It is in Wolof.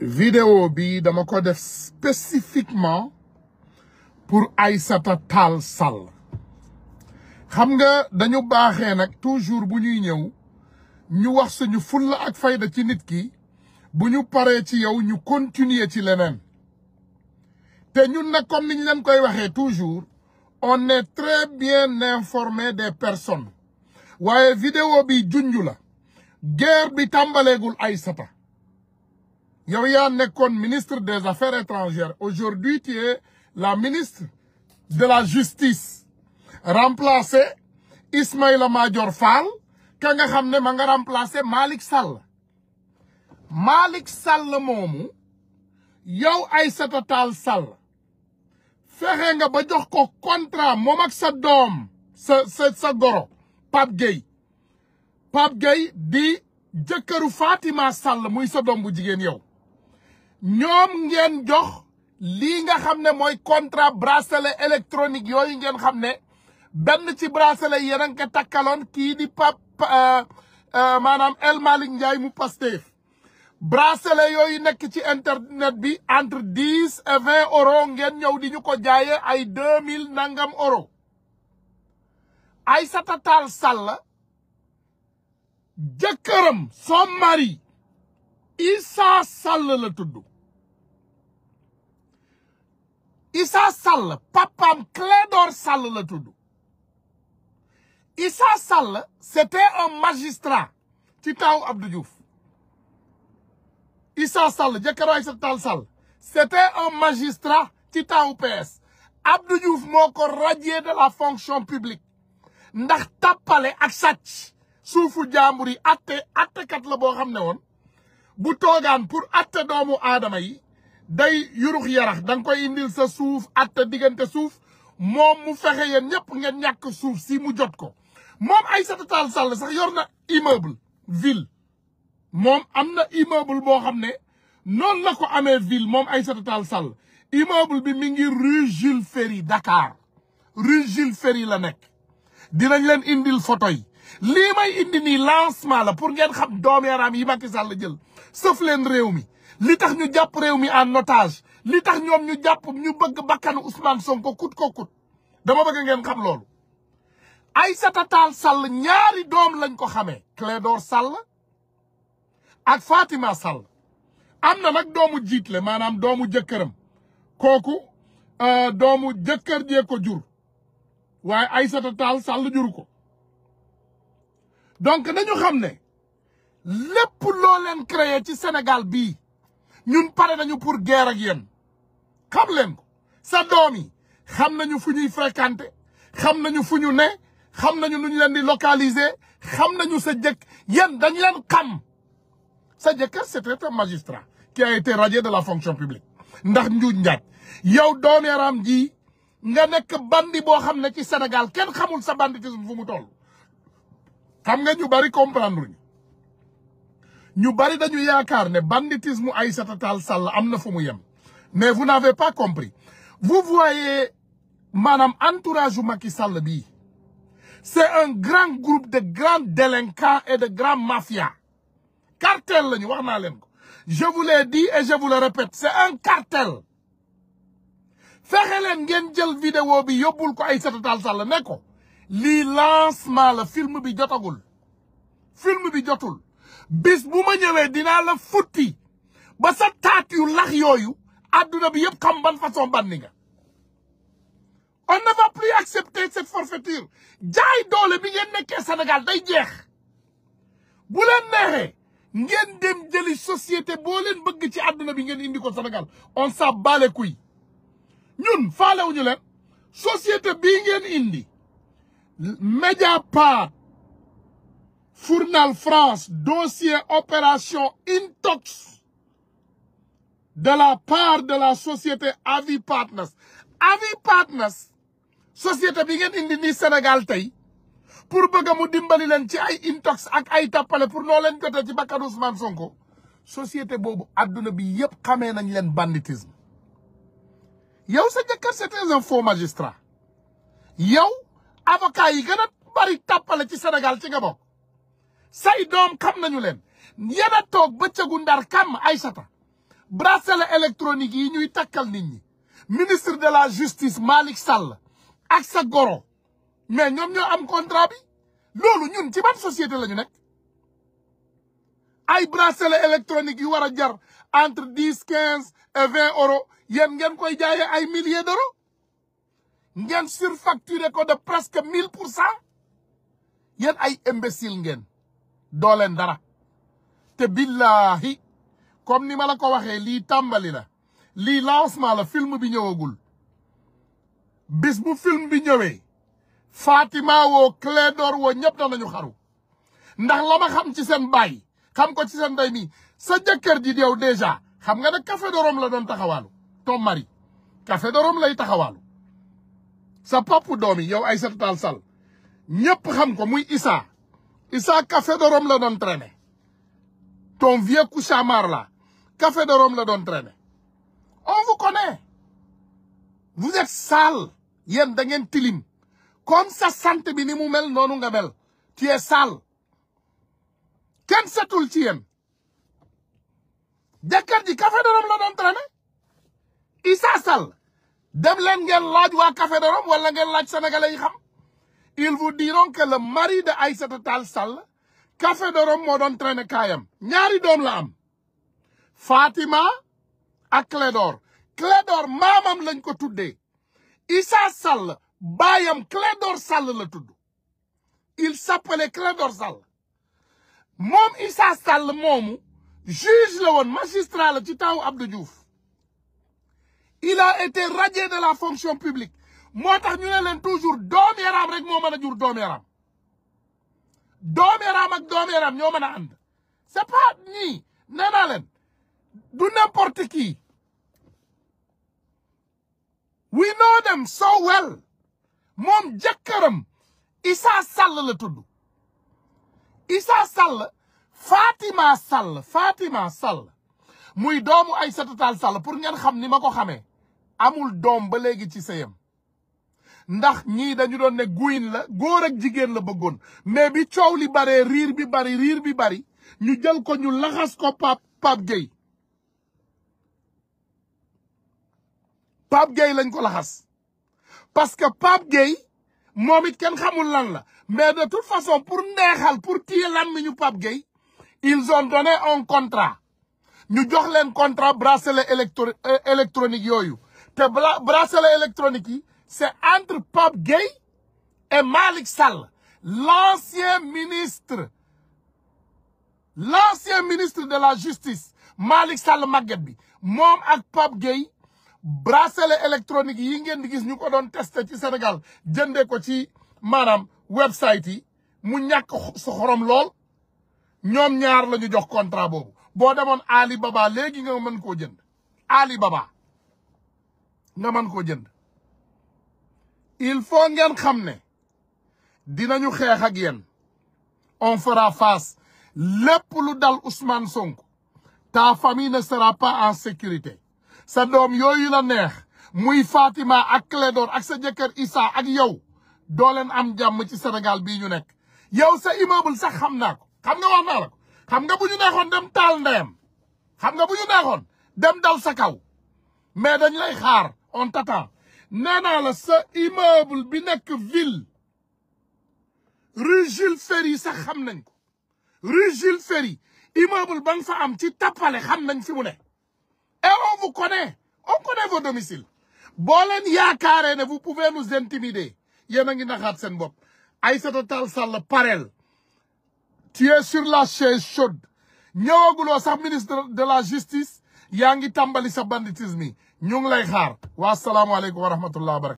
vidéo bi dama ko def spécifiquement pour Aïssata Tall Sall xam nga dañu baxé nak toujours bu ñuy ñëw ñu wax suñu fulla ak fayda ci nit ki bu ñu paree ci yow ñu continuer ci té ñun nak comme ni ñu koy toujours on est très bien informé des personnes waaye vidéo bi juñju la guerre bi tambalégul Aïssata yow yaa nekkoon ministre des affaires étrangères aujourd'hui tu es la ministre de la justice remplacé Ismaïla Major Fall Quand tu xam ne remplacé Malik Sall Malik Sall moomu yow Aïssata Tall Sall fexe nga ba jox ko contrat moom ak sa dom. sa sa sa goro Pape Gueye Pape di jëkkëru Fatima Sall muy sa dom, bu yow ñom ngeen jox li nga xamne moy contrat bracelet électronique yoy ngeen xamne ne ci bracelet yi a takalon ki di pap di euh, pap euh, manam El malik Ndiaye mu pasteur bracelet yoy nekk ci internet bi entre Dis et 20 euros ngeen ñew di ñuko jaayé ay 2000 mille nangam euros Aïssata Tall sal jeukeram son mari isa sal la tuddou Issa Sall Clédor Sall le tout. Issa Sall c'était un magistrat Titao Abdou Diouf Issa Sall c'était un magistrat Titao PS Abdou radié de la fonction publique ndax ak satch, Soufou atte attekat la bo pour atte doomu day yurux yarax da koy indil sa suuf atta diggante suuf moom mu fexe yéen ñëpp ngeen ñàkk suuf si mu jot ko moom ay Tall Sall sax yor na immeuble ville moom am na immeuble boo xam ne noonu la ko amee ville moom Aïssata Tall Sall immeuble bi mi ngi rue Jules Ferry Dakar rue Jules Ferry la nekk dinañ leen indil foto yi lii may indi nii lancement la pour ngeen xam doom yaram yi Macky Sall jël sëfleen réew mi li tax ñu japp rew mi en otage li tax ñom ñu japp ñu bëgg bakkanu Ousmane Sonko kut ko kut dama bëgg ngeen xam lool Aïssata Tall Sall ñaari doom lañ ko xamee Clédor Sall ak Fatima Sall amna nak nag doomu jiitle manam doomu koku euh doomu jëkkeer je ko jur waye Aïssata Tall Sall jur ko donc nañu xamné ne lo len créer ci Sénégal bi ñun paré nañu pour guerre ak nous, xam nous ko sa Nous yi xam nañu fu ñuy fréquenter nous nañu fu nous ne nous di localiser nous nañu sa jëkk dañ leen xam sa c'était un magistrat qui a été radié de la fonction publique ndax njuuj yow doomeeraam Nous nga nekk bandi boo xam ne ci Sénégal kenn xamul sa fu mu toll xam nga ñu bari comprendre ñu bari dañu yaakaar né banditisme Aïssata tata Sall amna mais vous n'avez pas compris vous voyez madame, entourage de Macky Sall c'est un grand groupe de grands délinquants et de grands mafias cartel lañu waxna je vous l'ai dit et je vous le répète c'est un cartel fexe leen ngeen jël vidéo bi yobul ko Aïssata Tall Sall né ko li lancement le film bi jotagul film bi jotul bis bu ma ñëwee dinaa la futti ba sa taat yu lax yooyu adduna bi yëpp xam ban façon bànni nga on ne va plus accepter cette forfaiture jaay doole bi ngeen nekkee Sénégal day jeex bu leen neexee ngeen dem jëli société boo leen bëgg ci adduna bi ngeen indi ko Sénégal on s'en bat les couilles ñun faalewuñu leen société bii ngeen indi Mediapart Fournal France dossier opération intox de la part de la société Avi Partners Avi Partners société bi ngeen indi nii Sénégal tey pour bëgg mu dimbali leen ci ay intox ak ay tappale pour noo leen jotee ci bakkanu Ousmane Sonko société boobu adduna bi yëpp xamee nañ leen banditisme yow sa jëkkër c'était un faux magistrat yow avocat yi gën a bari tappale ci Sénégal ci nga bokk say doom xam nañu leen yéen a toog bëccëgu ndar ay sata bracelet électronique yi ñuy takkal nit ministre de la justice Malick Sall ak sa goro mais ñoom ñoo am contrat bi loolu ñun ci ban société la ñu nekk ay bracelet électronique yu war a jar entre dix quinze et yéen ngeen koy jaayee ay milliers d'euros ngeen surfacturé ko de presque mille pour cent yéen ay imbécile ngeen dolen dara te billahi comme ni mala ko waxe li tambali la li lancement la film bi ñewagul bis bu film bi ñewé Fatima d'or wo ñep da nañu xaru ndax lama xam ci sen bay xam ko ci sen ndey mi sa jëkër di yow déjà xam nga na café de Rome la doon taxawaalu ton mari café de Rome lay taxawaalu sa papu domi yow sa tal sal ñep xam ko muy isa Issa café de la doon traîner ton vieux cauchemar là café de Rome la doon traîner on vous connaît vous êtes sale yéen da ngeen tilim comme bi ni mu mel noonu nga mel tu es sale kenn setul ci yéen jëkkër ji café de la doon traîner Issa Sall dem leen ngeen laaj waa kafe de Rome wala ngeen laaj sénégalais yi xam ils vous diront que le mari de Aïssata Tall Sall café de Rome de doon traîner ñaari Fatima à Clédor Clédor Lenko lañ ko Issa Sall Bayam, Clédor Sall la tout. il s'appelait Clédor Sall Mom Issa Sal, momu, juge le magistral magistrat la ci Abdou Diouf il a été radié de la fonction publique motax ñu ne len toujours doom yaram rek mo mën jur doom yaram doom yaram ak doom yaram ño mën and c'est pas ni nee du n'importe qui we know them so well mom jëkkëram Isa Sall la tuddu isa Sall Fatima Sall Fatima Sall muy doomu ay Tall Sall pour ngeen xam ni ma ko amul dom ba légui ci seyam ndax ñi dañu doon ne la góor ak jigen mais bi ciow li baree riir bi bari riir bi bari ñu jël ko ñu laxas ko Pape Pape lañ ko laxas parce que Pape nous momit ken xamul lan mais de toute façon pour neexal pour l'ami ñu Pape gay, ils ont donné un contrat ñu jox leen contrat bracelet euh, électronique électronique c'est entre Pape Gueye et Malick Sall l'ancien ministre l'ancien ministre de la justice Malick Sall màgget bi moom ak Pape Gueye bracelet électronique yi ngeen di gis ñu ko doon testé ci senegal jëndee ko ci maanaam website yi mu ñàkk sa lool ñoom ñaar la jox contrat boobu boo demoon Ali Baba léegi nga mën koo jënd Ali Baba nga mën koo jënd il faut ngeen xam ne dinañu xeex ak yéen on fera face lépp lu dal Ousmane Sonko ta famille ne sera en sécurité sa doom yooyu la neex muy Fatima ak Clédor ak sa jëkkër isaa ak yow doo leen am jàmm ci Sénégal bii ñu nekk yow sa immeuble sax xam naa ko xam nga wax naa la xam nga bu ñu neexoon dem taal ndeyam xam nga bu ñu neexoon dem dal sa kaw mais dañ lay xaar on t'attend nee la sa immeuble bi nekk ville rue Jules sax xam nañ ko rue Jules Ferry ban ba fa am ci tappale xam nañ fi mu ne et on vous connaît on connaît vos domiciles boo leen yaakaaree ne vous pouvez nous intimider yéen a ngi naxaat seen bopp Aïssata Tall Sall parel tu es sur la chaise chaude ñëwaguloo sax ministre de la justice yaa ngi tàmbali sa banditisme ñu ngi lay xaar wa salaamualeykum wa rahmatullah wa barakatu